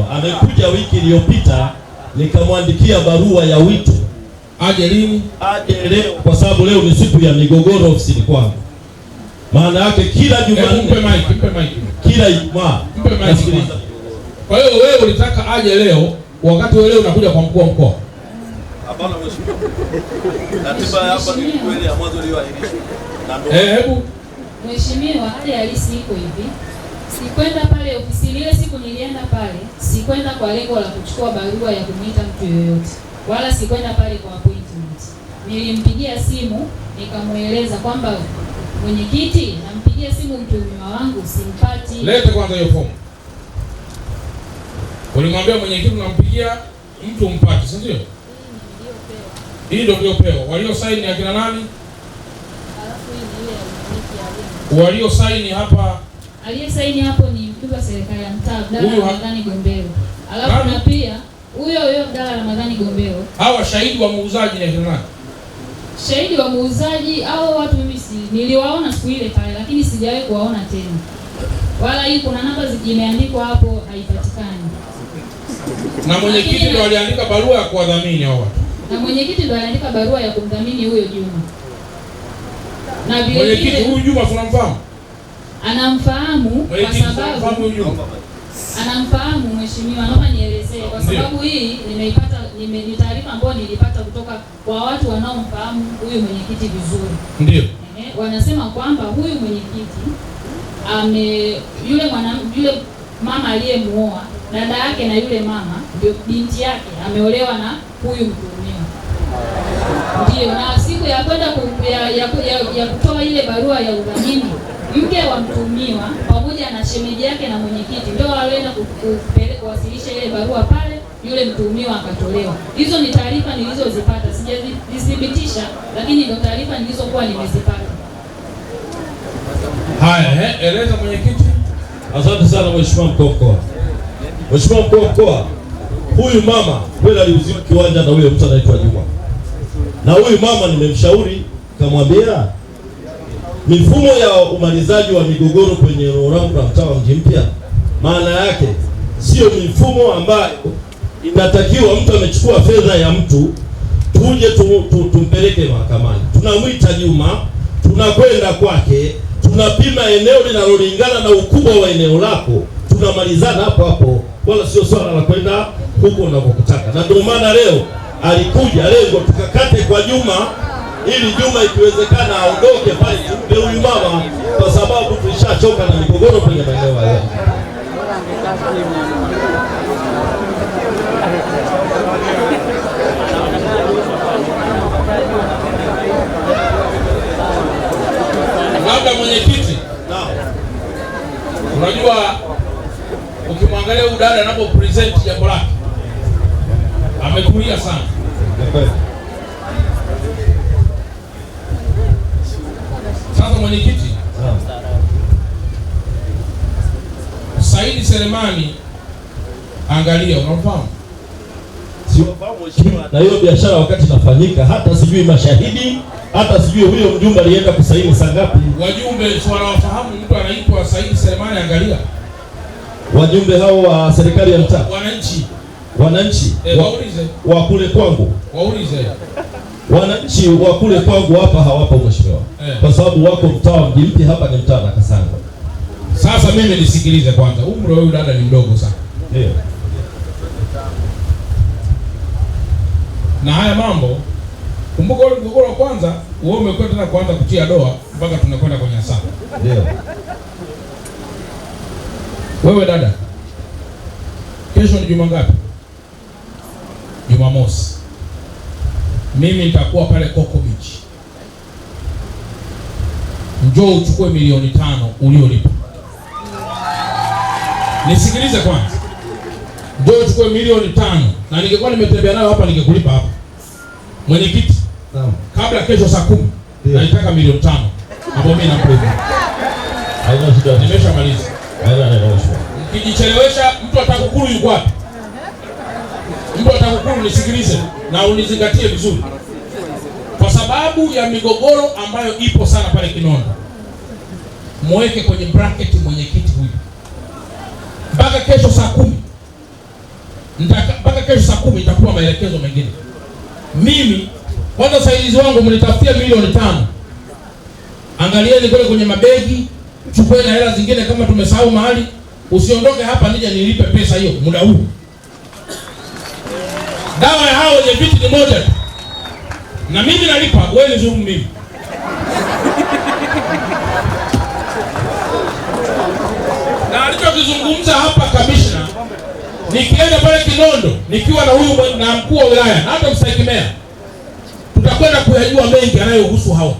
Mpendwa amekuja wiki iliyopita, nikamwandikia barua ya wito aje lini, aje leo, kwa sababu leo ni siku ya migogoro ofisini kwangu. Maana yake kila Jumanne, mpe mic, mpe mic, kila Ijumaa mpe mic. Kwa hiyo wewe ulitaka aje leo, wakati wewe leo unakuja kwa mkuu wa mkoa Hapana mheshimiwa. Ratiba hapa ni kweli ya mwanzo iliyoahirishwa. Eh, hebu. Mheshimiwa, hali halisi iko hivi. Sikwenda pale ofisini. Ile siku nilienda pale, sikwenda kwa lengo la kuchukua barua ya kumwita mtu yoyote, wala sikwenda pale kwa appointment. Nilimpigia simu nikamweleza kwamba mwenyekiti, nampigia simu mtuhumiwa wangu simpati. Lete kwanza hiyo fomu. Ulimwambia mwenyekiti nampigia mtu umpati, si ndio? Hii ndio uliopewa. Walio saini akina nani? Walio saini hapa aliyesaini hapo ni mkuu wa serikali ya mtaa Abdalla Ramadhani Gombero, alafu na pia huyo huyo Abdalla Ramadhani Gombero. Hawa shahidi wa muuzaji na hiyo nani? Shahidi wa muuzaji au watu, mimi si niliwaona siku ile pale, lakini sijawahi kuwaona tena, wala hii kuna namba zimeandikwa hapo haipatikani. Na mwenyekiti ndo aliandika barua ya kuwadhamini hao watu, na mwenyekiti ndo aliandika barua ya kumdhamini huyo Juma, na vile mwenyekiti huyu Juma tunamfahamu Anamfahamu kwa sababu anamfahamu mheshimiwa, naomba nielezee kwa sababu hii nimeipata, ni taarifa ambayo nilipata kutoka kwa watu wanaomfahamu huyu mwenyekiti vizuri. Ndio wanasema kwamba huyu mwenyekiti ame yule mwana, yule mama aliyemuoa dada yake na yule mama ndio binti yake ameolewa na huyu mtuhumiwa. Ndio, na siku ya kwenda ya, ya, ya, ya kutoa ile barua ya udhamini mke wa mtuhumiwa pamoja na shemeji yake na mwenyekiti ndio walienda kuwasilisha ile barua pale, yule mtuhumiwa akatolewa. Hizo ni taarifa nilizozipata, sijazithibitisha, lakini ndio taarifa nilizokuwa nimezipata. Haya, eleza mwenyekiti. Asante sana mheshimiwa mkuu wa mkoa. Mheshimiwa mkuu wa mkoa, huyu mama kweli aliuziwa kiwanja na huyo mtu anaitwa Juma, na huyu mama nimemshauri, kamwambia mifumo ya umalizaji wa migogoro kwenye Ruramura Mtawa Mji Mpya, maana yake sio mifumo ambayo inatakiwa mtu amechukua fedha ya mtu tuje tu, tu, tumpeleke mahakamani. Tunamwita Juma, tunakwenda kwake, tunapima eneo linalolingana na ukubwa wa eneo lako, tunamalizana hapo hapo, wala sio swala la kwenda huko unakokutaka. Na ndio maana leo alikuja lengo tukakate kwa Juma ili Juma ikiwezekana aondoke pale, tumpe huyu mama, kwa sababu tulishachoka na migogoro kwenye maeneo haya. Labda mwenyekiti, unajua ukimwangalia udada anapo present jambo lake amekulia sana Mstaafu mwenyekiti Saidi Selemani, angalia, unamfahamu? Siwafahamu mheshimiwa, na hiyo biashara wakati inafanyika hata sijui mashahidi hata sijui huyo mjumbe alienda kusaini saa ngapi. Wajumbe si wanawafahamu, mtu anaitwa Saidi Selemani, angalia. Wajumbe hao wa serikali ya mtaa, wananchi, wananchi e, wa, waulize wa kule kwangu, waulize Wananchi wa kule kwangu hapa hawapo mheshimiwa, eh. kwa sababu wako mtaa wa Mji Mpya, hapa ni mtaa Kasanga. Sasa mimi nisikilize kwanza, umri wa huyu dada ni mdogo sana na haya mambo kumbuka, ule mgogoro wa kwanza wewe umekwenda tena kuanza kutia doa mpaka tunakwenda kwenye asaba. Wewe dada, kesho ni juma ngapi? Jumamosi mimi nitakuwa pale Coco Beach, njoo uchukue milioni tano uliolipa. Nisikilize kwanza, njoo uchukue milioni tano na ningekuwa nimetembea nayo hapa ningekulipa hapa. Mwenyekiti, kabla kesho saa kumi naitaka milioni tano ambayo mimi nakwenda. Nimeshamaliza. Kijichelewesha mtu atakukuru yuko wapi? mtu atakukuru unisikilize na unizingatie vizuri, kwa sababu ya migogoro ambayo ipo sana pale Kinondo. Mweke kwenye bracket mwenyekiti huyu mpaka kesho saa kumi mpaka kesho saa kumi itakuwa maelekezo mengine. Mimi kwanza, saidizi wangu mnitafutia milioni tano, angalieni kule kwenye mabegi, chukue na hela zingine kama tumesahau mahali. Usiondoke hapa nije nilipe pesa hiyo muda huu. Dawa ya hao wenye viti ni moja tu, na mimi nalipa, wewe ni zungu mimi. Na alichokizungumza hapa kamishna, nikienda pale Kinondo nikiwa na huyu na mkuu wa wilaya na hata msaikimea, tutakwenda kuyajua mengi anayohusu hao